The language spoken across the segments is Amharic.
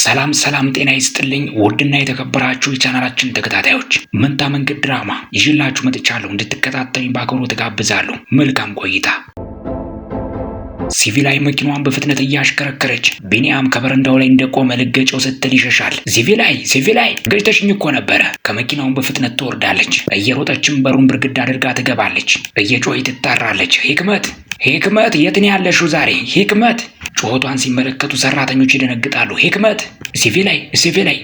ሰላም ሰላም፣ ጤና ይስጥልኝ ውድና የተከበራችሁ የቻናላችን ተከታታዮች መንታ መንገድ ድራማ ይዤላችሁ መጥቻለሁ። እንድትከታተሉኝ በአክብሮት ተጋብዛለሁ። መልካም ቆይታ። ሲቪላይ መኪናዋን በፍጥነት እያሽከረከረች ቢኒያም ከበረንዳው ላይ እንደቆመ ልገጨው ስትል ይሸሻል። ሲቪላይ ሲቪላይ ገጭተሽኝ እኮ ነበረ። ከመኪናውን በፍጥነት ትወርዳለች። እየሮጠችም በሩን ብርግድ አድርጋ ትገባለች። እየጮኸች ትጣራለች። ሂክመት ሂክመት የት ነው ያለሽው ዛሬ? ሂክመት ጩኸቷን ሲመለከቱ ሰራተኞች ይደነግጣሉ። ሂክመት ሲቪ ላይ ሲቪ ላይ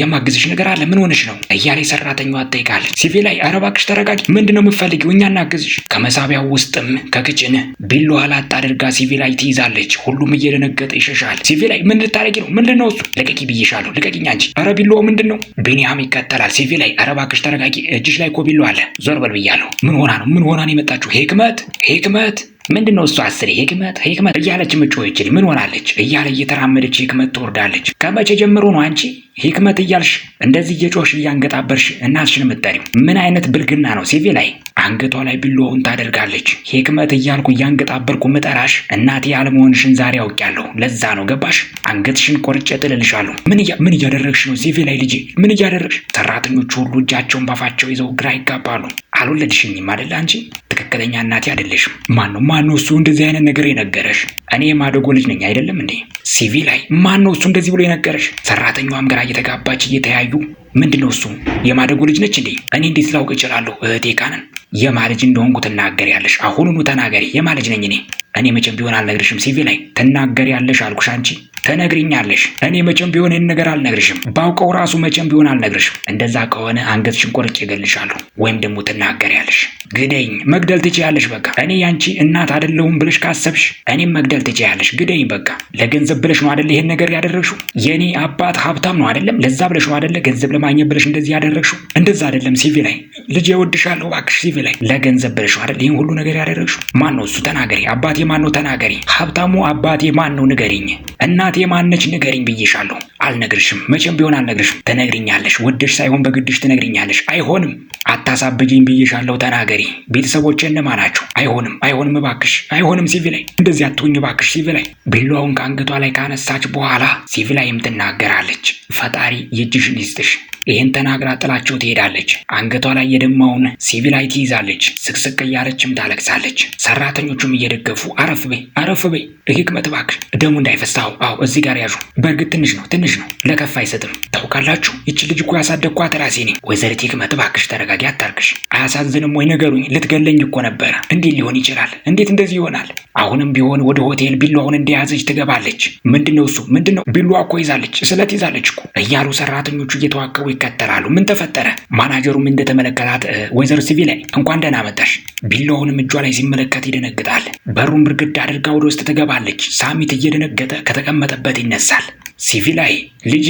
የማግዝሽ ነገር አለ ምን ሆነሽ ነው እያለች ሰራተኛዋ ትጠይቃለች። ሲቪ ላይ ኧረ እባክሽ ተረጋጊ፣ ምንድን ነው የምትፈልጊው? እኛ እናግዝሽ። ከመሳቢያው ውስጥም ከክጭን ቢላዋ ላጥ አድርጋ ሲቪ ላይ ትይዛለች። ሁሉም እየደነገጠ ይሸሻል። ሲቪ ላይ ምን ልታረጊ ነው? ምንድን ነው እሱ? ልቀቂ ብዬሻለሁ፣ ልቀቂኛ እንጂ። ኧረ ቢላዋ ምንድን ነው? ቢኒያም ይከተላል። ሲቪ ላይ ኧረ እባክሽ ተረጋጊ፣ እጅሽ ላይ እኮ ቢላዋ አለ፣ ዞር በል ብያለሁ። ምን ሆና ነው ምን ሆና ነው የመጣችሁ? ሂክመት ሂክመት ምንድን ነው እሷ አስሬ ህክመት ህክመት እያለች ምጮችል ምን ሆናለች እያለ እየተራመደች ህክመት ትወርዳለች። ከመቼ ጀምሮ ነው አንቺ ህክመት እያልሽ እንደዚህ እየጮሽ እያንገጣበርሽ እናትሽን የምትጠሪው? ምን አይነት ብልግና ነው? ሲቪ ላይ አንገቷ ላይ ቢሎውን ታደርጋለች። ህክመት እያልኩ እያንገጣበርኩ ምጠራሽ እናቴ ያለመሆንሽን ዛሬ አውቄያለሁ። ለዛ ነው ገባሽ? አንገትሽን ቆርጬ ጥልልሻለሁ። ምን እያደረግሽ ነው? ሲቪ ላይ ልጄ ምን እያደረግሽ? ሰራተኞቹ ሁሉ እጃቸውን ባፋቸው ይዘው ግራ ይጋባሉ። አልወለድሽኝም አደለ አንቺ ትክክለኛ እናቴ አይደለሽም። ማነው ማነው እሱ እንደዚህ አይነት ነገር የነገረሽ? እኔ የማደጎ ልጅ ነኝ አይደለም እንዴ? ሲቪ ላይ ማነው እሱ እንደዚህ ብሎ የነገረሽ? ሰራተኛዋም ግራ እየተጋባች እየተያዩ ምንድን ነው እሱ የማደጎ ልጅ ነች እንዴ? እኔ እንዴት ላውቅ እችላለሁ? እህቴ ካንን የማልጅ እንደሆንኩ ትናገር ትናገሪያለሽ። አሁኑኑ ተናገሪ። የማልጅ ነኝ እኔ። እኔ መቼም ቢሆን አልነግርሽም። ሲቪ ላይ ትናገሪያለሽ አልኩሽ አንቺ ትነግሪኛለሽ። እኔ መቼም ቢሆን ይህን ነገር አልነግርሽም። ባውቀው ራሱ መቼም ቢሆን አልነግርሽም። እንደዛ ከሆነ አንገትሽን ቆርጬ እገልሻለሁ፣ ወይም ደግሞ ትናገሪያለሽ። ግደኝ፣ መግደል ትችያለሽ። በቃ እኔ ያንቺ እናት አይደለሁም ብለሽ ካሰብሽ እኔም መግደል ትችያለሽ። ግደኝ፣ በቃ ለገንዘብ ብለሽ ነው አደለ ይህን ነገር ያደረግሽው? የእኔ አባት ሀብታም ነው አደለም ለዛ ብለሽ ነው አደለ? ገንዘብ ለማግኘት ብለሽ እንደዚህ ያደረግሽው? እንደዛ አይደለም። ሲቪ ላይ ልጅ እወድሻለሁ፣ እባክሽ ሲቪ ላይ ለገንዘብ ብለሽ ነው አደለ ይህን ሁሉ ነገር ያደረግሽው? ማን ነው እሱ? ተናገሪ። አባቴ ማን ነው? ተናገሪ። ሀብታሙ አባቴ ማን ነው? ንገሪኝ። እናቴ የማነች ንገሪኝ ብዬሻለሁ። አልነግርሽም፣ መቼም ቢሆን አልነግርሽም። ትነግሪኛለሽ፣ ውድሽ ሳይሆን በግድሽ ትነግሪኛለሽ። አይሆንም፣ አታሳብጂኝ ብዬሻለሁ። ተናገሪ። ቤተሰቦቼ እነማን ናቸው? አይሆንም፣ አይሆንም፣ እባክሽ አይሆንም። ሲቪላይ፣ እንደዚህ አትሁኝ እባክሽ ሲቪላይ። ቢላዋውን ከአንገቷ ላይ ካነሳች በኋላ ሲቪላይም ትናገራለች። ፈጣሪ የእጅሽን ይስጥሽ። ይህን ተናግራ ጥላቸው ትሄዳለች። አንገቷ ላይ የደማውን ሲቪላይ ትይዛለች። ስቅስቅ እያለችም ታለቅሳለች። ሰራተኞቹም እየደገፉ አረፍ በይ አረፍ በይ ህክመት እባክሽ ደሙ እንዳይፈሳው አው እዚህ ጋር ያዙ በእርግጥ ትንሽ ነው ትንሽ ነው፣ ለከፍ አይሰጥም። ታውቃላችሁ ይች ልጅ እኮ ያሳደግኳት ራሴ ነኝ። ወይዘሪት ሂክመት እባክሽ ተረጋጊ፣ አታርግሽ። አያሳዝንም ወይ ንገሩኝ። ልትገለኝ እኮ ነበረ። እንዴት ሊሆን ይችላል? እንዴት እንደዚህ ይሆናል? አሁንም ቢሆን ወደ ሆቴል ቢሏውን እንደያዘች ትገባለች። ምንድነው እሱ ምንድነው? ቢሏ እኮ ይዛለች፣ ስለት ይዛለች እኮ እያሉ ሰራተኞቹ እየተዋከቡ ይከተላሉ። ምን ተፈጠረ? ማናጀሩም እንደተመለከታት ወይዘሮ ሲቪላይ እንኳን ደህና መጣሽ። ቢላውንም እጇ ላይ ሲመለከት ይደነግጣል። በሩን ብርግድ አድርጋ ወደ ውስጥ ትገባለች። ሳሚት እየደነገጠ ከተቀመጠ ሲቀመጥበት ይነሳል። ሲቪላይ ልጄ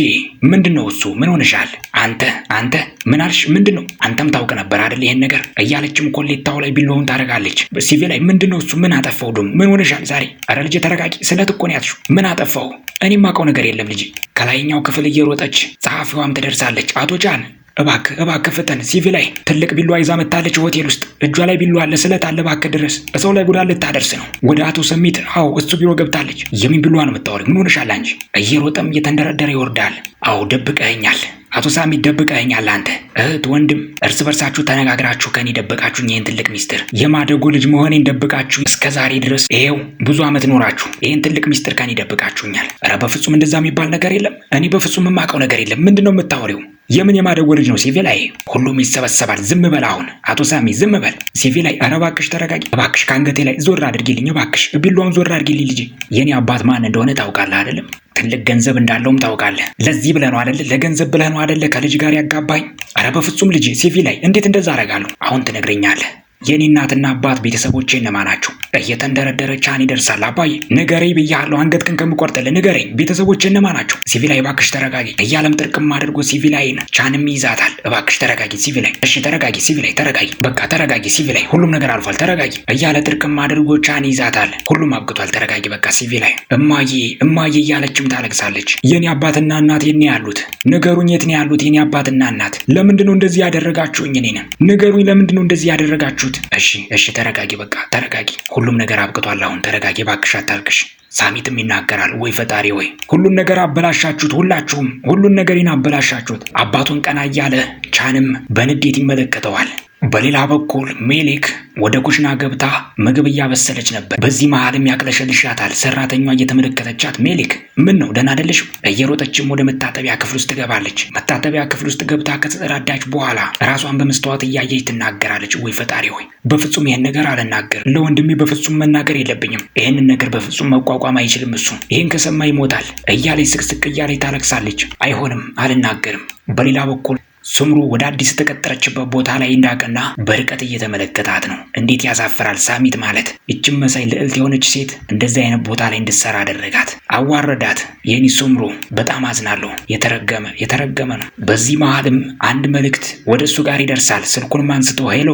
ምንድን ነው እሱ? ምን ሆነሻል? አንተ አንተ ምን አልሽ? ምንድን ነው? አንተም ታውቅ ነበር አይደል ይሄን ነገር እያለችም ኮሌታው ላይ ቢላውን ታደርጋለች። ሲቪላይ ምንድን ነው እሱ? ምን አጠፋው? ዱም ምን ሆነሻል ዛሬ? አረ ልጄ ተረጋቂ፣ ስለት እኮ ነው ያልሽው። ምን አጠፋው? እኔም አውቀው ነገር የለም ልጄ። ከላይኛው ክፍል እየሮጠች ጸሐፊዋም ትደርሳለች። አቶ ጃን እባክ እባክ ፍጠን። ሲቪ ላይ ትልቅ ቢላዋ ይዛ መታለች። ሆቴል ውስጥ እጇ ላይ ቢሏ አለ። ስለት አለ። እባክህ ድረስ እሰው ላይ ጉዳት ልታደርስ ነው። ወደ አቶ ሰሚት አዎ፣ እሱ ቢሮ ገብታለች። የሚን ቢላዋ ነው የምታወሪው? ምን ሆነሻል አንቺ? እየሮጠም እየተንደረደረ ይወርዳል። አዎ፣ ደብቀኸኛል አቶ ሳሚት ደብቀኸኛል። አንተ እህት ወንድም፣ እርስ በርሳችሁ ተነጋግራችሁ ከኔ ደብቃችሁ ይህን ትልቅ ሚስጥር፣ የማደጎ ልጅ መሆኔን ደብቃችሁ እስከ ዛሬ ድረስ ይሄው ብዙ ዓመት ኖራችሁ ይህን ትልቅ ሚስጥር ከኔ ደብቃችሁኛል። ኧረ በፍጹም እንደዛ የሚባል ነገር የለም። እኔ በፍጹም የማውቀው ነገር የለም። ምንድን ነው የምታወሪው? የምን የማደጎ ልጅ ነው ላይ ሁሉም ይሰበሰባል። ዝም በል አሁን አቶ ሳሚ ዝም በል። ሴቪላይ ኧረ እባክሽ ተረጋጊ እባክሽ፣ ከአንገቴ ላይ ዞር አድርጊልኝ እባክሽ፣ ቢላውን ዞር አድርጊልኝ ልጅ። የኔ አባት ማን እንደሆነ ታውቃለህ አይደለም? ትልቅ ገንዘብ እንዳለውም ታውቃለህ። ለዚህ ብለህ ነው አይደለ? ለገንዘብ ብለህ ነው አይደለ? ከልጅ ጋር ያጋባኝ። ኧረ በፍጹም ልጄ ላይ እንዴት እንደዛ አደርጋለሁ? አሁን ትነግረኛለህ የኔ እናትና አባት ቤተሰቦች እነማ ናቸው? እየተንደረደረች ሀኒ ይደርሳል። አባዬ ንገረኝ ብያለሁ፣ አንገትህን ከምቆርጥልህ ንገረኝ። ቤተሰቦች እነማ ናቸው? ሲቪላይ እባክሽ ተረጋጊ እያለም ጥርቅም አድርጎ ሲቪላይን ቻንም ይዛታል። እባክሽ ተረጋጊ ሲቪላይ፣ እሺ ተረጋጊ ሲቪላይ፣ ተረጋጊ በቃ ተረጋጊ ሲቪላይ፣ ሁሉም ነገር አልፏል፣ ተረጋጊ እያለ ጥርቅም አድርጎ ቻን ይይዛታል። ሁሉም አብቅቷል፣ ተረጋጊ በቃ ሲቪላይ። እማዬ እማዬ እያለችም ታለቅሳለች። የኔ አባትና እናት የት ነው ያሉት? ንገሩኝ፣ የት ነው ያሉት የኔ አባትና እናት? ለምንድነው እንደዚህ ያደረጋችሁኝ? እኔን ንገሩኝ፣ ለምንድነው እንደዚህ ያደረጋችሁ ያላችሁት? እሺ እሺ፣ ተረጋጊ፣ በቃ ተረጋጊ። ሁሉም ነገር አብቅቷል። አሁን ተረጋጊ እባክሽ፣ አታልቅሽ። ሳሚትም ይናገራል። ወይ ፈጣሪ ወይ ሁሉን ነገር አበላሻችሁት፣ ሁላችሁም ሁሉን ነገሬን አበላሻችሁት። አባቱን ቀና እያለ ቻንም በንዴት ይመለከተዋል። በሌላ በኩል ሜሊክ ወደ ኩሽና ገብታ ምግብ እያበሰለች ነበር። በዚህ መሀልም ያቅለሸልሻታል ሰራተኛ እየተመለከተቻት ሜሊክ ምን ነው ደህና አይደለሽ? እየሮጠችም ወደ መታጠቢያ ክፍል ውስጥ ገባለች። መታጠቢያ ክፍል ውስጥ ገብታ ከተጸዳዳች በኋላ ራሷን በመስተዋት እያየች ትናገራለች። ወይ ፈጣሪ ሆይ በፍጹም ይህን ነገር አልናገርም። ለወንድሜ በፍጹም መናገር የለብኝም። ይህንን ነገር በፍጹም መቋቋም አይችልም። እሱ ይህን ከሰማ ይሞታል እያለች ስቅስቅ እያለች ታለቅሳለች። አይሆንም፣ አልናገርም። በሌላ በኩል ስምሩ ወደ አዲስ የተቀጠረችበት ቦታ ላይ እንዳቀና በርቀት እየተመለከታት ነው። እንዴት ያሳፍራል! ሳሚት ማለት እችም መሳይ ልዕልት የሆነች ሴት እንደዚህ አይነት ቦታ ላይ እንድትሰራ አደረጋት፣ አዋረዳት። የኒ ስምሩ በጣም አዝናለሁ። የተረገመ የተረገመ ነው። በዚህ መሀልም አንድ መልእክት ወደ እሱ ጋር ይደርሳል። ስልኩንም አንስቶ ሄሎ፣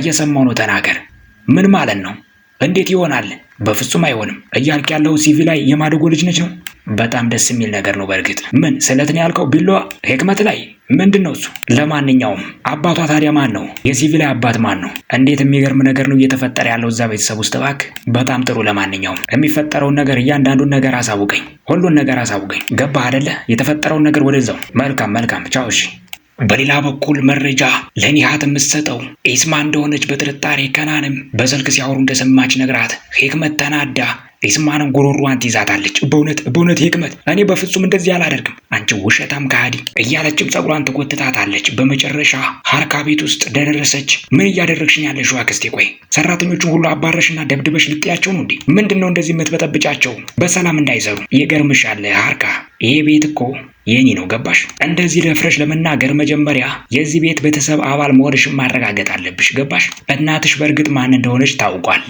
እየሰማው ነው፣ ተናገር። ምን ማለት ነው? እንዴት ይሆናል? በፍጹም አይሆንም እያልክ ያለው ሲቪ ላይ የማደጎ ልጅ ነች ነው። በጣም ደስ የሚል ነገር ነው። በእርግጥ ምን ስለት ነው ያልከው? ቢሏ ህክመት ላይ ምንድን ነው እሱ? ለማንኛውም አባቷ ታዲያ ማን ነው? የሲቪ ላይ አባት ማን ነው? እንዴት የሚገርም ነገር ነው እየተፈጠረ ያለው እዛ ቤተሰብ ውስጥ እባክህ። በጣም ጥሩ። ለማንኛውም የሚፈጠረውን ነገር እያንዳንዱን ነገር አሳውቀኝ፣ ሁሉን ነገር አሳውቀኝ። ገባህ አደለ የተፈጠረውን ነገር ወደዛው። መልካም መልካም፣ ቻው። እሺ በሌላ በኩል መረጃ ለኒሃት የምትሰጠው ኢስማ እንደሆነች በጥርጣሬ ከናንም በስልክ ሲያወሩ እንደሰማች ነግራት ሂክመት ተናዳ ኢስማንም ጉሮሯን ትይዛታለች። በእውነት በእውነት ሄክመት እኔ በፍጹም እንደዚህ አላደርግም፣ አንቺ ውሸታም ከሃዲ እያለችም ጸጉሯን ትጎትታታለች። በመጨረሻ ሀርካ ቤት ውስጥ ደረሰች። ምን እያደረግሽን ያለሽው አክስቴ? ቆይ ሰራተኞቹን ሁሉ አባረሽና ደብድበሽ ልጥያቸው ነው እንዴ? ምንድን ነው እንደዚህ የምትበጠብጫቸው? በሰላም እንዳይሰሩ። የገርምሻለ ሀርካ፣ ይህ ቤት እኮ የኔ ነው ገባሽ? እንደዚህ ደፍረሽ ለመናገር መጀመሪያ የዚህ ቤት ቤተሰብ አባል መሆንሽን ማረጋገጥ አለብሽ ገባሽ? እናትሽ በእርግጥ ማን እንደሆነች ታውቋል።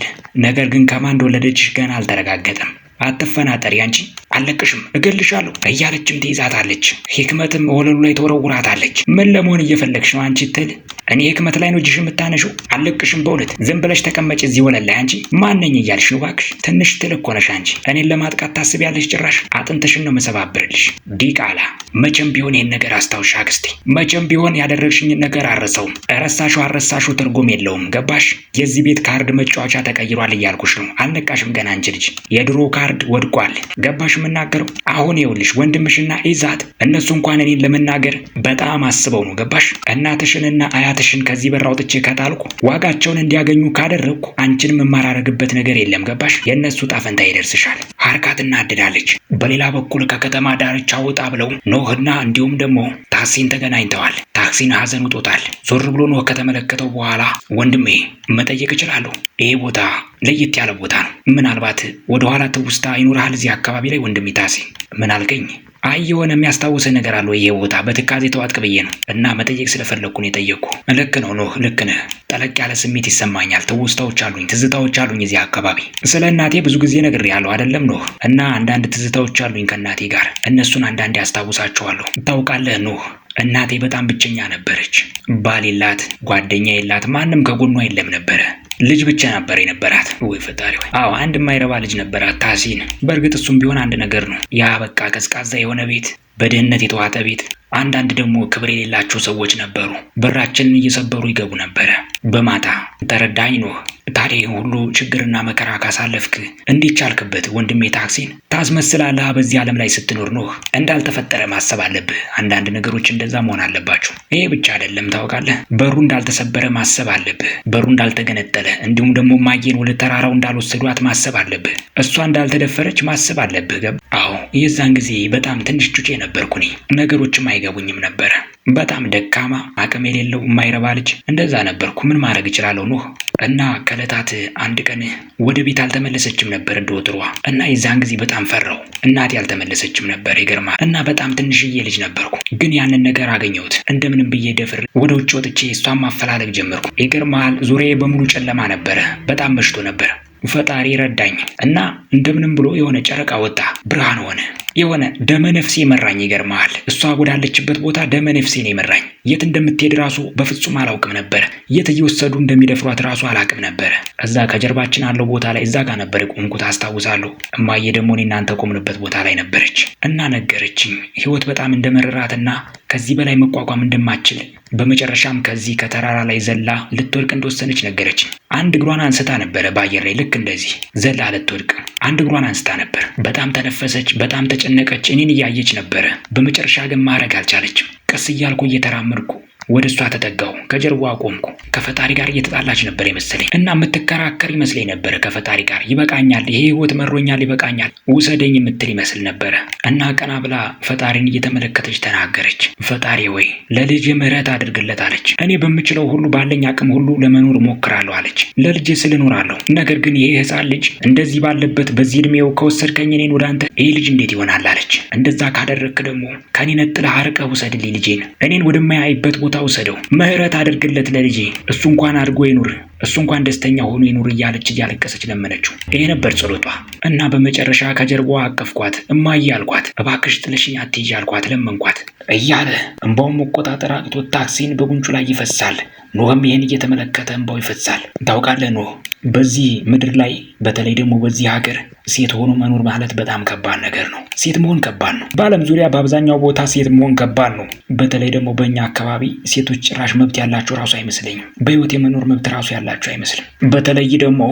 ነገር ግን ከማን እንደወለደች ገና አልተረጋገጠም። አትፈናጠሪ አንቺ አለቅሽም እገልሻለሁ እያለችም ትይዛታለች። ህክመትም ወለሉ ላይ ተወረውራታለች። ምን ለመሆን እየፈለግሽ ነው አንቺ ትል እኔ ህክመት ላይ ነው እጅሽ የምታነሽው። አለቅሽም በእውነት ዝም ብለሽ ተቀመጭ እዚህ ወለል ላይ አንቺ ማነኝ እያልሽ ነው እባክሽ። ትንሽ ትል እኮ ነሽ አንቺ። እኔን ለማጥቃት ታስቢያለሽ? ጭራሽ አጥንትሽን ነው መሰባብርልሽ። ዲቃላ መቼም ቢሆን ይህን ነገር አስታውሽ አክስቴ፣ መቼም ቢሆን ያደረግሽኝን ነገር አረሰውም። ረሳሹ አረሳሹ ትርጉም የለውም ገባሽ? የዚህ ቤት ካርድ መጫወቻ ተቀይሯል እያልኩሽ ነው። አልነቃሽም ገና አንቺ ልጅ የድሮ ካር ካርድ ወድቋል። ገባሽ የምናገረው አሁን ይኸውልሽ ወንድምሽና ኢዛት እነሱ እንኳን እኔን ለመናገር በጣም አስበው ነው። ገባሽ እናትሽንና አያትሽን ከዚህ በር አውጥቼ ከጣልኩ ዋጋቸውን እንዲያገኙ ካደረግኩ አንቺን የማራረግበት ነገር የለም። ገባሽ የእነሱ ጣፈንታ ይደርስሻል። ሀርካት እናድዳለች። በሌላ በኩል ከከተማ ዳርቻ ወጣ ብለው ኖህና እንዲሁም ደግሞ ታክሲን ተገናኝተዋል። ታክሲን ሀዘን ውጦታል። ዞር ብሎ ኖህ ከተመለከተው በኋላ ወንድሜ መጠየቅ እችላለሁ ይሄ ቦታ ለየት ያለ ቦታ ነው። ምናልባት ወደኋላ ትውስታ ይኖርሃል እዚህ አካባቢ ላይ ወንድም ይታሴ። ምን አልከኝ? አይ የሆነ የሚያስታውስህ ነገር አለ ይሄ ቦታ በትካዜ ተዋጥቅ ብዬ ነው እና መጠየቅ ስለፈለግኩ ነው የጠየቅኩ። ልክ ነው ኖህ፣ ልክ ነህ። ጠለቅ ያለ ስሜት ይሰማኛል። ትውስታዎች አሉኝ፣ ትዝታዎች አሉኝ። እዚህ አካባቢ ስለ እናቴ ብዙ ጊዜ ነግሬሃለሁ አይደለም ኖህ? እና አንዳንድ ትዝታዎች አሉኝ ከእናቴ ጋር እነሱን አንዳንድ ያስታውሳቸዋለሁ። ታውቃለህ ኖህ እናቴ በጣም ብቸኛ ነበረች። ባል የላት፣ ጓደኛ የላት፣ ማንም ከጎኗ የለም ነበረ። ልጅ ብቻ ነበር የነበራት። ወይ ፈጣሪ ወይ! አዎ አንድ የማይረባ ልጅ ነበራት ታሲን። በእርግጥ እሱም ቢሆን አንድ ነገር ነው። ያ በቃ ቀዝቃዛ የሆነ ቤት፣ በደህንነት የተዋጠ ቤት። አንዳንድ ደግሞ ክብር የሌላቸው ሰዎች ነበሩ። በራችንን እየሰበሩ ይገቡ ነበረ በማታ ተረዳኝ ኖህ። ታዲያ ሁሉ ችግርና መከራ ካሳለፍክ እንዴት ቻልክበት ወንድሜ? ታክሲን ታስመስላለህ። በዚህ ዓለም ላይ ስትኖር ኖህ እንዳልተፈጠረ ማሰብ አለብህ። አንዳንድ ነገሮች እንደዛ መሆን አለባቸው። ይሄ ብቻ አይደለም ታውቃለህ፣ በሩ እንዳልተሰበረ ማሰብ አለብህ። በሩ እንዳልተገነጠለ አለ። እንዲሁም ደግሞ ማጌን ወደ ተራራው እንዳልወሰዷት ማሰብ አለብህ። እሷ እንዳልተደፈረች ማሰብ አለብህ። ገባ? አዎ፣ የዛን ጊዜ በጣም ትንሽ ጩጬ ነበርኩ እኔ። ነገሮችም አይገቡኝም ነበረ። በጣም ደካማ አቅም የሌለው የማይረባ ልጅ እንደዛ ነበርኩ። ምን ማድረግ እችላለሁ? ኑህ እና ከእለታት አንድ ቀን ወደ ቤት አልተመለሰችም ነበር እንደ ወትሯ እና የዛን ጊዜ በጣም ፈራው። እናቴ አልተመለሰችም ነበር ይገርማ እና በጣም ትንሽዬ ልጅ ነበርኩ። ግን ያንን ነገር አገኘሁት። እንደምንም ብዬ ደፍር ወደ ውጭ ወጥቼ እሷን ማፈላለግ ጀመርኩ። ይገርማል ዙሪያዬ በሙሉ ጨለማ ነበረ። በጣም መሽቶ ነበር። ፈጣሪ ረዳኝ እና እንደምንም ብሎ የሆነ ጨረቃ ወጣ፣ ብርሃን ሆነ። የሆነ ደመ ነፍሴ መራኝ። ይገርመሃል፣ እሷ ወዳለችበት ቦታ ደመ ነፍሴ ነው የመራኝ። የት እንደምትሄድ ራሱ በፍጹም አላውቅም ነበር። የት እየወሰዱ እንደሚደፍሯት ራሱ አላውቅም ነበር እዛ ከጀርባችን አለው ቦታ ላይ እዛ ጋር ነበር የቆምኩት አስታውሳለሁ። እማዬ ደግሞ እኔ እናንተ ቆምንበት ቦታ ላይ ነበረች እና ነገረችኝ ህይወት በጣም እንደመረራትና ከዚህ በላይ መቋቋም እንደማትችል በመጨረሻም ከዚህ ከተራራ ላይ ዘላ ልትወድቅ እንደወሰነች ነገረች። አንድ እግሯን አንስታ ነበረ በአየር ላይ ልክ እንደዚህ ዘላ ልትወድቅ አንድ እግሯን አንስታ ነበር። በጣም ተነፈሰች፣ በጣም ተጨነቀች። እኔን እያየች ነበረ። በመጨረሻ ግን ማድረግ አልቻለችም። ቀስ እያልኩ እየተራመድኩ ወደ እሷ ተጠጋው። ከጀርባ ቆምኩ። ከፈጣሪ ጋር እየተጣላች ነበር የመሰለኝ እና የምትከራከር ይመስለኝ ነበረ። ከፈጣሪ ጋር ይበቃኛል፣ ይሄ ህይወት መሮኛል፣ ይበቃኛል፣ ውሰደኝ የምትል ይመስል ነበረ እና ቀና ብላ ፈጣሪን እየተመለከተች ተናገረች። ፈጣሪ ወይ ለልጅ ምህረት አድርግለት አለች። እኔ በምችለው ሁሉ ባለኝ አቅም ሁሉ ለመኖር ሞክራለሁ አለች። ለልጅ ስልኖራለሁ። ነገር ግን ይሄ ህፃን ልጅ እንደዚህ ባለበት በዚህ እድሜው ከወሰድከኝ እኔን ወደ አንተ ይህ ልጅ እንዴት ይሆናል አለች። እንደዛ ካደረግክ ደግሞ ከኔ ነጥለህ አርቀህ ውሰድልኝ ልጄን እኔን ወደማያይበት ቦታ ውሰደው፣ ምህረት አድርግለት ለልጄ፣ እሱ እንኳን አድርጎ ይኑር፣ እሱ እንኳን ደስተኛ ሆኖ ይኑር እያለች እያለቀሰች ለመነችው። ይሄ ነበር ጸሎቷ እና በመጨረሻ ከጀርባዋ አቀፍኳት። እማዬ አልኳት፣ እባክሽ ጥለሽኝ አትሂጂ አልኳት፣ ለመንኳት። እያለ እንባውን መቆጣጠር አቅቶት ታክሲን በጉንጩ ላይ ይፈሳል። ኖህም ይህን እየተመለከተ እንባው ይፈሳል። ታውቃለህ ኖህ፣ በዚህ ምድር ላይ በተለይ ደግሞ በዚህ ሀገር ሴት ሆኖ መኖር ማለት በጣም ከባድ ነገር ነው። ሴት መሆን ከባድ ነው። በዓለም ዙሪያ በአብዛኛው ቦታ ሴት መሆን ከባድ ነው። በተለይ ደግሞ በእኛ አካባቢ ሴቶች ጭራሽ መብት ያላቸው ራሱ አይመስለኝም። በህይወት የመኖር መብት ራሱ ያላቸው አይመስልም። በተለይ ደግሞ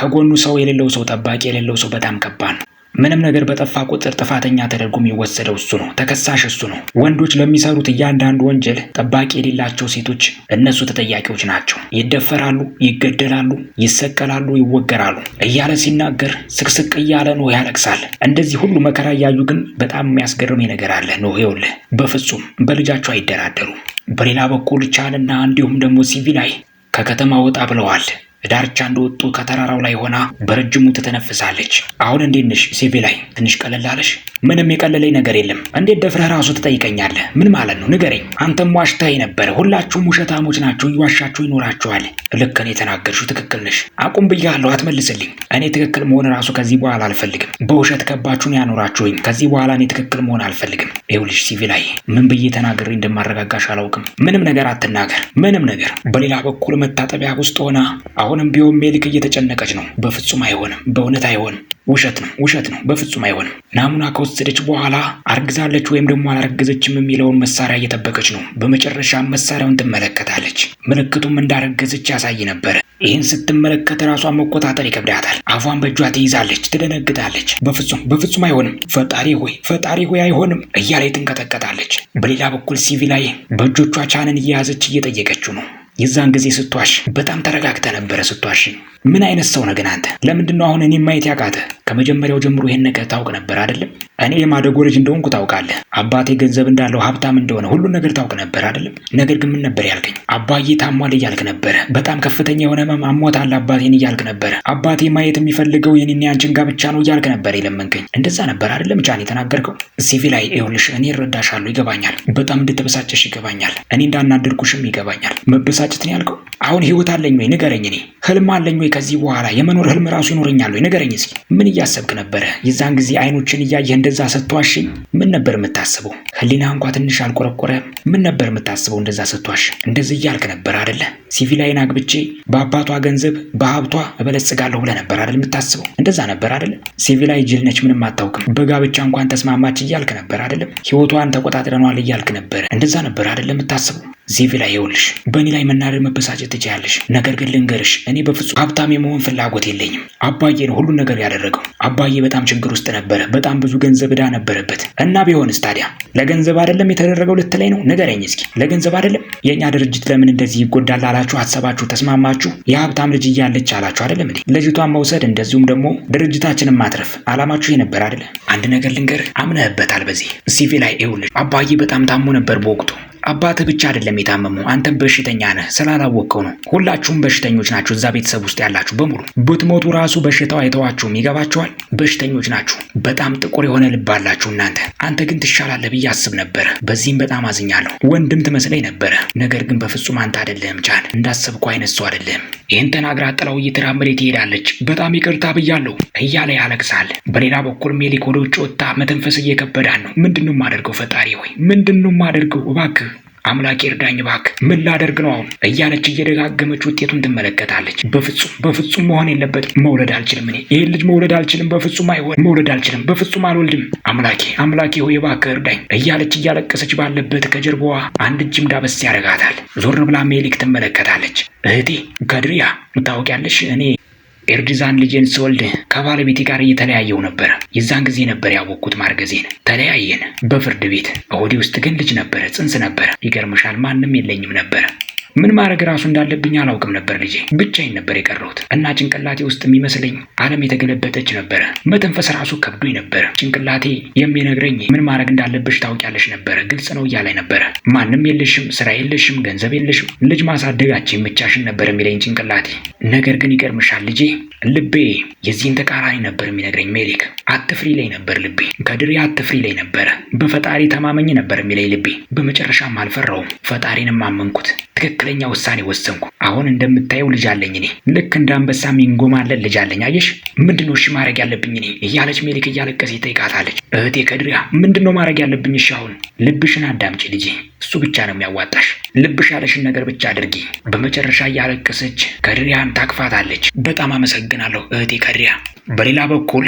ከጎኑ ሰው የሌለው ሰው፣ ጠባቂ የሌለው ሰው በጣም ከባድ ነው። ምንም ነገር በጠፋ ቁጥር ጥፋተኛ ተደርጎ የሚወሰደው እሱ ነው፣ ተከሳሽ እሱ ነው። ወንዶች ለሚሰሩት እያንዳንዱ ወንጀል ጠባቂ የሌላቸው ሴቶች እነሱ ተጠያቂዎች ናቸው። ይደፈራሉ፣ ይገደላሉ፣ ይሰቀላሉ፣ ይወገራሉ እያለ ሲናገር ስቅስቅ እያለ ኖህ ያለቅሳል። እንደዚህ ሁሉ መከራ እያዩ ግን በጣም የሚያስገርም ነገር አለ። ኖህ ይኸውልህ፣ በፍጹም በልጃቸው አይደራደሩም። በሌላ በኩል ቻልና እንዲሁም ደግሞ ሲቪ ላይ ከከተማ ወጣ ብለዋል። ዳርቻ እንደወጡ ከተራራው ላይ ሆና በረጅሙ ትተነፍሳለች። አሁን እንዴት ነሽ ሲቪ ላይ ትንሽ ቀለል አለሽ? ምንም የቀለለኝ ነገር የለም። እንዴት ደፍረህ ራሱ ትጠይቀኛለህ? ምን ማለት ነው ንገረኝ። አንተም ዋሽተኸኝ ነበር። ሁላችሁም ውሸታሞች ናቸው፣ ይዋሻችሁ ይኖራችኋል። ልክ እኔ የተናገርሽው ትክክል ነሽ። አቁም ብያለሁ፣ አትመልስልኝ። እኔ ትክክል መሆን ራሱ ከዚህ በኋላ አልፈልግም። በውሸት ከባችሁን ያኖራችሁኝ። ከዚህ በኋላ እኔ ትክክል መሆን አልፈልግም። ይኸውልሽ ሲቪ ላይ ምን ብዬ ተናግሬ እንደማረጋጋሽ አላውቅም። ምንም ነገር አትናገር፣ ምንም ነገር። በሌላ በኩል መታጠቢያ ውስጥ ሆና አሁን አሁንም ቢሆን ሜሊክ እየተጨነቀች ነው። በፍጹም አይሆንም፣ በእውነት አይሆንም፣ ውሸት ነው፣ ውሸት ነው፣ በፍጹም አይሆንም። ናሙና ከወሰደች በኋላ አርግዛለች ወይም ደግሞ አላረገዘችም የሚለውን መሳሪያ እየጠበቀች ነው። በመጨረሻ መሳሪያውን ትመለከታለች። ምልክቱም እንዳረገዘች ያሳይ ነበር ይህን ስትመለከት ራሷን መቆጣጠር ይከብዳታል። አፏን በእጇ ትይዛለች፣ ትደነግጣለች። በፍጹም በፍጹም አይሆንም፣ ፈጣሪ ሆይ ፈጣሪ ሆይ አይሆንም እያለ ትንቀጠቀጣለች። በሌላ በኩል ሲቪ ላይ በእጆቿ ቻንን እየያዘች እየጠየቀችው ነው። የዛን ጊዜ ስትዋሽ በጣም ተረጋግተ ነበረ። ስትዋሽ ምን አይነት ሰው ነህ ግን አንተ? ለምንድነው አሁን እኔ ማየት ያቃተ? ከመጀመሪያው ጀምሮ ይሄን ነገር ታውቅ ነበር አይደለም? እኔ የማደጎ ልጅ እንደሆንኩ ታውቃለህ። አባቴ ገንዘብ እንዳለው ሀብታም እንደሆነ ሁሉን ነገር ታውቅ ነበር አይደለም? ነገር ግን ምን ነበር ያልከኝ? አባዬ ታሟል እያልክ ነበረ። በጣም ከፍተኛ የሆነ ህመም አሞታል አባቴን እያልክ ነበረ። አባቴ ማየት የሚፈልገው የኔና ያንቺን ጋብቻ ነው እያልክ ነበር የለመንከኝ። እንደዛ ነበር አይደለም? ቻን የተናገርከው ሲቪ ላይ ይኸውልሽ፣ እኔ እረዳሻለሁ፣ ይገባኛል። በጣም እንደተበሳጨሽ ይገባኛል። እኔ እንዳናደርኩሽም ይገባኛል። መበሳጨትን ያልከው። አሁን ህይወት አለኝ ወይ ንገረኝ። እኔ ህልም አለኝ ወይ ከዚህ በኋላ የመኖር ህልም ራሱ ይኖረኛል ወይ ንገረኝ እስኪ ምን እያሰብክ ነበረ? የዛን ጊዜ አይኖችን እያየህ እንደዛ ሰጥቷሽኝ ምን ነበር የምታስበው? ህሊና እንኳ ትንሽ አልቆረቆረ። ምን ነበር የምታስበው? እንደዛ ሰጥቷሽ እንደዚህ እያልክ ነበር አደለ? ሲቪላይን አግብቼ በአባቷ ገንዘብ በሀብቷ እበለጽጋለሁ ብለህ ነበር አደል የምታስበው? እንደዛ ነበር አደለ? ሲቪላይ ጅል ምንም አታውቅም፣ በጋብቻ እንኳን ተስማማች እያልክ ነበር አደለም? ህይወቷን ተቆጣጥረኗል እያልክ ነበር። እንደዛ ነበር አደለ የምታስበው? ዚቪ ላይ ይኸውልሽ፣ በእኔ ላይ መናደር መበሳጨት ትችያለሽ። ነገር ግን ልንገርሽ፣ እኔ በፍጹም ሀብታም የመሆን ፍላጎት የለኝም። አባዬ ነው ሁሉን ነገር ያደረገው። አባዬ በጣም ችግር ውስጥ ነበረ። በጣም ብዙ ገንዘብ ዕዳ ነበረበት እና ቢሆንስ ታዲያ ለገንዘብ አይደለም የተደረገው ልትለኝ ነው? ንገረኝ እስኪ፣ ለገንዘብ አይደለም? የእኛ ድርጅት ለምን እንደዚህ ይጎዳል አላችሁ? ሀሳባችሁ ተስማማችሁ። የሀብታም ልጅ እያለች አላችሁ አይደለም እንዴ? ልጅቷን መውሰድ እንደዚሁም ደግሞ ድርጅታችንን ማትረፍ አላማችሁ የነበር አይደለ? አንድ ነገር ልንገር፣ አምነህበታል። በዚህ ሲቪ ላይ ይኸውልሽ፣ አባዬ በጣም ታሞ ነበር በወቅቱ አባትህ ብቻ አይደለም የታመመው፣ አንተም በሽተኛ ነህ። ስላላወቀው ነው። ሁላችሁም በሽተኞች ናችሁ፣ እዛ ቤተሰብ ውስጥ ያላችሁ በሙሉ። ብትሞቱ ራሱ በሽታው አይተዋችሁም። ይገባችኋል? በሽተኞች ናችሁ። በጣም ጥቁር የሆነ ልብ አላችሁ እናንተ። አንተ ግን ትሻላለህ ብዬ አስብ ነበረ። በዚህም በጣም አዝኛለሁ። ወንድም ትመስለኝ ነበረ፣ ነገር ግን በፍጹም አንተ አይደለህም። ቻል እንዳሰብኩ አይነት ሰው አይደለህም። ይህን ተናግራ ጥላው እየተራመደ ትሄዳለች። በጣም ይቅርታ ብያለሁ እያለ ያለቅሳል። በሌላ በኩል ሜሊክ ወደ ውጭ ወጥታ መተንፈስ እየከበዳን ነው። ምንድን ነው የማደርገው? ፈጣሪ ሆይ ምንድን ነው የማደርገው? እባክህ አምላኬ እርዳኝ እባክህ፣ ምን ላደርግ ነው አሁን እያለች እየደጋገመች ውጤቱን ትመለከታለች። በፍጹም በፍጹም መሆን የለበትም። መውለድ አልችልም፣ እኔ ይህን ልጅ መውለድ አልችልም፣ በፍጹም አይሆን፣ መውለድ አልችልም፣ በፍጹም አልወልድም። አምላኬ አምላኬ ሆይ እባክህ እርዳኝ እያለች እያለቀሰች ባለበት ከጀርባዋ አንድ እጅም ዳበስ ያደርጋታል። ዞር ብላ ሜሊክ ትመለከታለች። እህቴ ከድሪያ ታውቂያለሽ እኔ ኤርድዛን ልጄን ስወልድ ከባለቤቴ ጋር እየተለያየው ነበር። የዛን ጊዜ ነበር ያወቅኩት ማርገዜን። ተለያየን በፍርድ ቤት። እሆዴ ውስጥ ግን ልጅ ነበረ፣ ጽንስ ነበረ። ይገርምሻል፣ ማንም የለኝም ነበር ምን ማድረግ ራሱ እንዳለብኝ አላውቅም ነበር ልጄ። ብቻዬን ነበር የቀረሁት እና ጭንቅላቴ ውስጥ የሚመስለኝ ዓለም የተገለበጠች ነበረ። መተንፈስ ራሱ ከብዶኝ ነበረ። ጭንቅላቴ የሚነግረኝ ምን ማድረግ እንዳለብሽ ታውቂያለሽ ነበረ፣ ግልጽ ነው እያለ ነበረ። ማንም የለሽም፣ ስራ የለሽም፣ ገንዘብ የለሽም፣ ልጅ ማሳደጋች የምቻሽን ነበር የሚለኝ ጭንቅላቴ። ነገር ግን ይገርምሻል ልጄ፣ ልቤ የዚህን ተቃራኒ ነበር የሚነግረኝ ሜሊክ። አትፍሪ ላይ ነበር ልቤ፣ ከድሬ አትፍሪ ላይ ነበረ። በፈጣሪ ተማመኝ ነበር የሚለኝ ልቤ። በመጨረሻም አልፈራውም፣ ፈጣሪንም አመንኩት። ትክክል ትክክለኛ ውሳኔ ወሰንኩ። አሁን እንደምታየው ልጅ አለኝ እኔ ልክ እንደ አንበሳ ሚንጎማለን ልጅ አለኝ። አየሽ ምንድነው እሺ ማድረግ ያለብኝ እኔ እያለች ሜሊክ እያለቀሰች ትጠይቃታለች። እህቴ ከድሪያ ምንድነው ማድረግ ያለብኝ እሺ? አሁን ልብሽን አዳምጪ ልጄ፣ እሱ ብቻ ነው የሚያዋጣሽ። ልብሽ ያለሽን ነገር ብቻ አድርጊ። በመጨረሻ እያለቀሰች ከድሪያን ታቅፋታለች። በጣም አመሰግናለሁ እህቴ ከድሪያ። በሌላ በኩል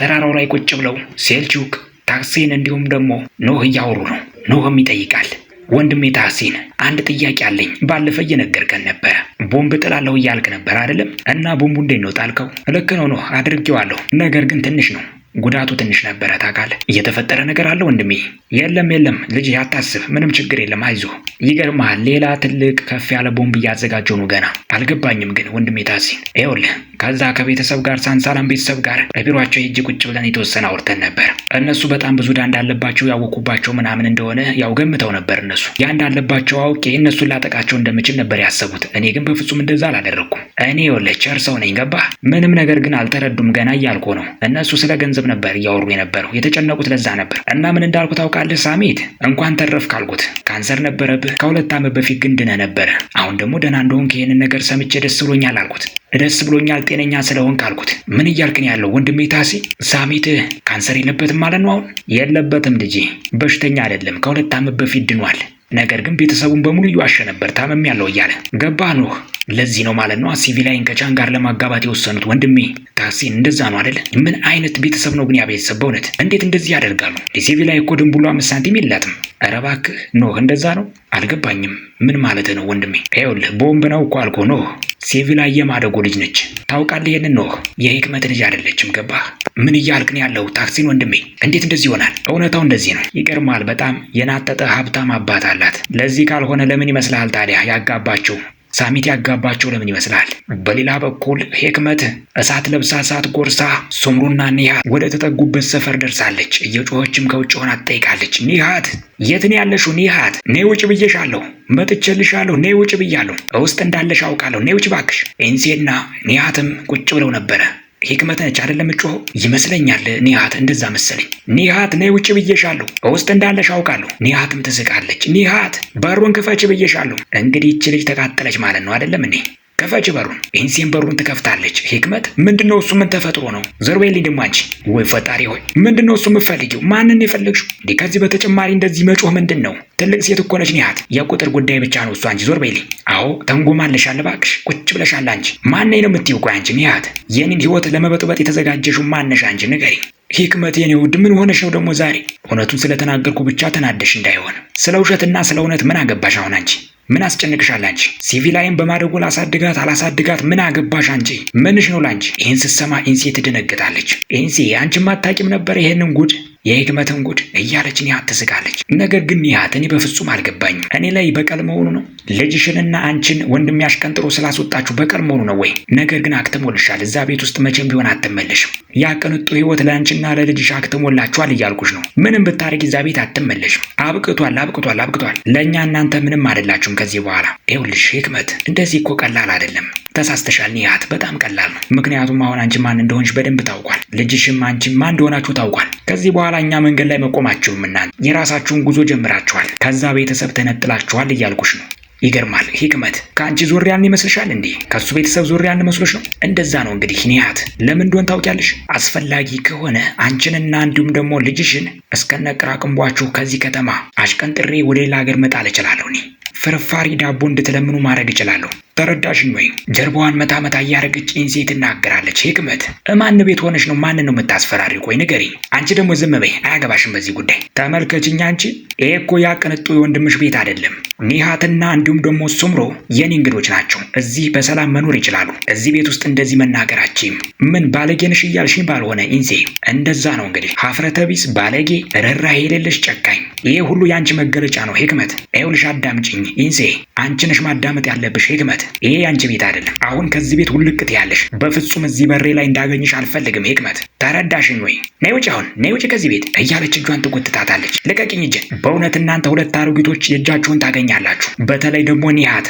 ተራራው ላይ ቁጭ ብለው ሴልቹክ ታክሲን እንዲሁም ደግሞ ኖህ እያወሩ ነው። ኖህም ይጠይቃል ወንድሜ ታሲን አንድ ጥያቄ አለኝ። ባለፈ እየነገርከን ነበረ ቦምብ ጥላለው እያልክ ነበር አይደለም? እና ቦምቡ እንዴት ነው ጣልከው? ልክ ነው ነው አድርጌዋለሁ፣ ነገር ግን ትንሽ ነው ጉዳቱ ትንሽ ነበረ ታውቃለህ። እየተፈጠረ ነገር አለ ወንድሜ? የለም የለም ልጅ አታስብ፣ ምንም ችግር የለም አይዞ ይገርምሃል ሌላ ትልቅ ከፍ ያለ ቦምብ እያዘጋጀው ነው። ገና አልገባኝም ግን ወንድሜ ታሲን፣ ይኸውልህ ከዛ ከቤተሰብ ጋር ሳንሳላም ቤተሰብ ጋር ቢሯቸው የእጅ ቁጭ ብለን የተወሰነ አውርተን ነበር። እነሱ በጣም ብዙ ዕዳ እንዳለባቸው ያወቁባቸው ምናምን እንደሆነ ያው ገምተው ነበር እነሱ ያ እንዳለባቸው አውቄ እነሱን ላጠቃቸው እንደምችል ነበር ያሰቡት። እኔ ግን በፍጹም እንደዛ አላደረግኩም። እኔ ይኸውልህ ቸር ሰው ነኝ ገባህ? ምንም ነገር ግን አልተረዱም ገና እያልኩ ነው እነሱ ስለ ገንዘብ ነበር እያወሩ የነበረው። የተጨነቁት ለዛ ነበር። እና ምን እንዳልኩ ታውቃለህ ሳሜት? እንኳን ተረፍክ አልኩት። ካንሰር ነበረብህ ከሁለት ዓመት በፊት ግን ድነህ ነበረ። አሁን ደግሞ ደህና እንደሆንክ ይህንን ነገር ሰምቼ ደስ ብሎኛል አልኩት። ደስ ብሎኛል ጤነኛ ስለሆንክ አልኩት። ምን እያልክን ያለው ወንድሜ ታሲ? ሳሜት ካንሰር የለበትም ማለት ነው አሁን? የለበትም ልጄ፣ በሽተኛ አይደለም። ከሁለት ዓመት በፊት ድኗል። ነገር ግን ቤተሰቡን በሙሉ ይዋሸ ነበር ታመም ያለው እያለ ገባ ኖህ። ለዚህ ነው ማለት ነው ሲቪላይን ከቻን ጋር ለማጋባት የወሰኑት ወንድሜ ታሴን እንደዛ ነው አደለ? ምን አይነት ቤተሰብ ነው ግን ያ ቤተሰብ በእውነት እንዴት እንደዚህ ያደርጋሉ? ሲቪላይ እኮ ድንቡሏ አምስት ሳንቲም የላትም። ኧረ እባክህ ኖህ፣ እንደዛ ነው አልገባኝም። ምን ማለት ነው ወንድሜ? ይኸውልህ ቦምብ ነው እኮ አልኮ ኖህ። ሲቪላይ የማደጎ ልጅ ነች ታውቃለህ። ይህንን ኖህ የህክመት ልጅ አይደለችም። ገባህ ምን እያልክ ነው ያለው? ታክሲን ወንድሜ፣ እንዴት እንደዚህ ይሆናል? እውነታው እንደዚህ ነው። ይገርማል። በጣም የናጠጠ ሀብታም አባት አላት። ለዚህ ካልሆነ ለምን ይመስልሃል ታዲያ ያጋባችሁ ሳሚት ያጋባቸው ለምን ይመስላል? በሌላ በኩል ሄክመት እሳት ለብሳ እሳት ጎርሳ ሱምሩና ኒሃት ወደ ተጠጉበት ሰፈር ደርሳለች። እየጮኸችም ከውጭ ሆና ትጠይቃለች። ኒሃት የት ነው ያለሽው? ኒሃት ኔ ውጭ ብዬሻለሁ፣ መጥቼልሻለሁ፣ ኔ ውጭ ብያለሁ፣ ውስጥ እንዳለሽ አውቃለሁ፣ ኔ ውጭ ባክሽ። ኢንሴና ኒሃትም ቁጭ ብለው ነበረ። ሂክመት ነች አይደለም? እጮኸው ይመስለኛል። ኒሃት እንደዛ መሰለኝ። ኒሃት ነይ ውጭ ብዬሻለሁ። ውስጥ እንዳለሽ አውቃለሁ። ኒሃትም ትስቃለች። ኒሃት በሩን ክፈች ብዬሻለሁ። እንግዲህ ይቺ ልጅ ተቃጠለች ማለት ነው አደለም እኔ ከፈች በሩን። ኢንሴን በሩን ትከፍታለች። ሂክመት ምንድነው እሱ? ምን ተፈጥሮ ነው? ዘርቤን ሊድም አንቺ። ወይ ፈጣሪ ሆይ ምንድነው እሱ የምፈልጊው? ማንን የፈለግሽው? ከዚህ በተጨማሪ እንደዚህ መጮህ ምንድን ነው? ትልቅ ሴት እኮ ነች ኒሃት። የቁጥር ጉዳይ ብቻ ነው እሱ አንቺ። ዞር በይልኝ። አዎ ተንጎማለሻል። እባክሽ ቁጭ ብለሻል አንቺ። ማነኝ ነው የምትይው? ቆይ አንቺ ኒሃት፣ የኔን ህይወት ለመበጥበጥ የተዘጋጀሽው ማነሽ አንቺ? ንገሪ ሂክመት የኔ ውድ ምን ሆነሽ ነው ደግሞ ዛሬ? እውነቱን ስለተናገርኩ ብቻ ተናደሽ እንዳይሆን። ስለ ውሸትና ስለ እውነት ምን አገባሽ አሁን አንቺ? ምን አስጨንቅሻል አንቺ? ሲቪላይን በማደጎ ላሳድጋት አላሳድጋት ምን አገባሽ አንቺ? ምንሽ ነው ላንቺ? ይህን ስትሰማ ኢንሴ ትደነግጣለች። ኢንሴ አንቺም አታውቂም ነበር ይሄንን ጉድ የሂክመትን ጉድ እያለች ኒሃት ትስቃለች። ነገር ግን ኒሃት እኔ በፍጹም አልገባኝም። እኔ ላይ በቀል መሆኑ ነው? ልጅሽንና አንቺን ወንድም ያሽቀንጥሮ ስላስወጣችሁ በቀል መሆኑ ነው ወይ? ነገር ግን አክትሞልሻል። እዛ ቤት ውስጥ መቼም ቢሆን አትመለሽም። ያ ቅንጡ ህይወት ለአንቺና ለልጅሽ አክትሞላችኋል እያልኩሽ ነው። ምንም ብታረጊ እዛ ቤት አትመለሽም። አብቅቷል፣ አብቅቷል፣ አብቅቷል። ለእኛ እናንተ ምንም አይደላችሁም ከዚህ በኋላ። ይኸውልሽ ህክመት፣ እንደዚህ እኮ ቀላል አይደለም። ተሳስተሻል ኒያት፣ በጣም ቀላል ነው። ምክንያቱም አሁን አንቺ ማን እንደሆንሽ በደንብ ታውቋል። ልጅሽም አንቺ ማን እንደሆናችሁ ታውቋል። ከዚህ በኋላ በኋላ መንገድ ላይ መቆማችሁም እናንተ የራሳችሁን ጉዞ ጀምራችኋል፣ ከዛ ቤተሰብ ተነጥላችኋል እያልኩሽ ነው። ይገርማል ሂክመት ከአንቺ ዞር ያልን ይመስልሻል እንዴ? ከሱ ቤተሰብ ዞር ያልን መስሎሽ ነው? እንደዛ ነው እንግዲህ ኒያት። ለምን እንደሆን ታውቂያለሽ? አስፈላጊ ከሆነ አንቺንና እንዲሁም ደግሞ ልጅሽን አቅንቧችሁ ከዚህ ከተማ አሽቀንጥሬ ወደ ሌላ ሀገር መጣል እችላለሁ። እኔ ፍርፋሪ ዳቦ እንድትለምኑ ማድረግ እችላለሁ። ተረዳሽኝ ወይ? ጀርባዋን መታ መታ እያደረገችኝ ሴት ትናገራለች። ህክመት እማን ቤት ሆነሽ ነው? ማንን ነው የምታስፈራሪው? ቆይ ንገሪኝ። አንቺ ደግሞ ዝም በይ፣ አያገባሽም በዚህ ጉዳይ። ተመልከችኝ አንቺ። ይሄ እኮ ያ የወንድምሽ ቤት አይደለም። ኒሃትና እንዲሁም ደግሞ ሱምሮ የኔ እንግዶች ናቸው። እዚህ በሰላም መኖር ይችላሉ። እዚህ ቤት ውስጥ እንደዚህ መናገራችም ምን ባለጌንሽ እያልሽኝ ባልሆነ ኢንሴ እንደዛ ነው እንግዲህ ሀፍረተቢስ ባለጌ፣ ርኅራኄ የሌለሽ ጨካኝ፣ ይሄ ሁሉ የአንቺ መገለጫ ነው። ህክመት ይኸውልሽ፣ አዳምጪኝ ኢንሴ፣ አንቺንሽ ማዳመጥ ያለብሽ ህክመት ይሄ ያንቺ ቤት አይደለም። አሁን ከዚህ ቤት ውልቅት ያለሽ። በፍጹም እዚህ በሬ ላይ እንዳገኝሽ አልፈልግም። ሂክመት ተረዳሽኝ ወይ? ነይ ውጭ! አሁን ነይ ውጭ ከዚህ ቤት እያለች እጇን ትጎትታታለች። ልቀቅኝ እጄን! በእውነት እናንተ ሁለት አሮጊቶች የእጃችሁን ታገኛላችሁ። በተለይ ደግሞ ኒሃት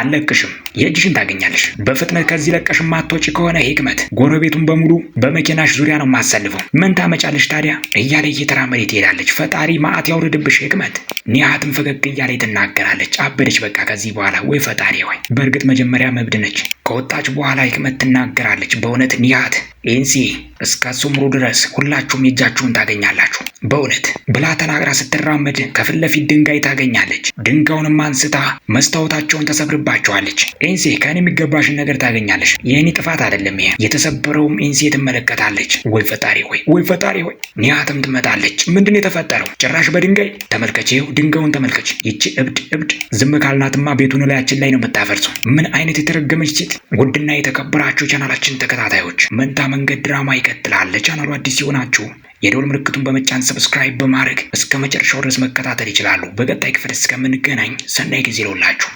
አለቅሽም፣ የእጅሽን ታገኛለሽ። በፍጥነት ከዚህ ለቀሽ ማትወጪ ከሆነ ሂክመት፣ ጎረቤቱን በሙሉ በመኪናሽ ዙሪያ ነው የማሰልፈው። ምን ታመጫለሽ ታዲያ? እያለ እየተራመደ ትሄዳለች። ፈጣሪ ማአት ያውርድብሽ ሂክመት። ኒሃትም ፈገግ እያለ ትናገራለች። አበደች በቃ ከዚህ በኋላ ወይ ፈጣሪ ወይ። በእርግጥ መጀመሪያ መብድ ነች። ከወጣች በኋላ ሂክመት ትናገራለች። በእውነት ኒሃት ኤንሲ እስከሱምሩ ድረስ ሁላችሁም የእጃችሁን ታገኛላችሁ በእውነት ብላ ተናግራ ስትራመድ ከፊት ለፊት ድንጋይ ታገኛለች። ድንጋዩንም አንስታ መስታወታቸውን ተሰብርባቸዋለች። ኤንሴ ከእኔ የሚገባሽን ነገር ታገኛለች። የእኔ ጥፋት አይደለም ይሄ። የተሰበረውም ኤንሴ ትመለከታለች። ወይ ፈጣሪ ሆይ፣ ወይ ፈጣሪ ሆይ። ኒያትም ትመጣለች። ምንድን ነው የተፈጠረው? ጭራሽ በድንጋይ ተመልከች። ይኸው ድንጋዩን ተመልከች። ይቺ እብድ እብድ ዝም ካልናትማ ቤቱን ላያችን ላይ ነው የምታፈርሰው። ምን አይነት የተረገመች ሴት! ውድና የተከበራችሁ ቻናላችን ተከታታዮች መንታ መንገድ ድራማ ይቀጥላል። ለቻናሉ አዲስ ይሆናችሁ የደወል ምልክቱን በመጫን ሰብስክራይብ በማድረግ እስከ መጨረሻው ድረስ መከታተል ይችላሉ። በቀጣይ ክፍል እስከምንገናኝ ሰናይ ጊዜ ይሁንላችሁ።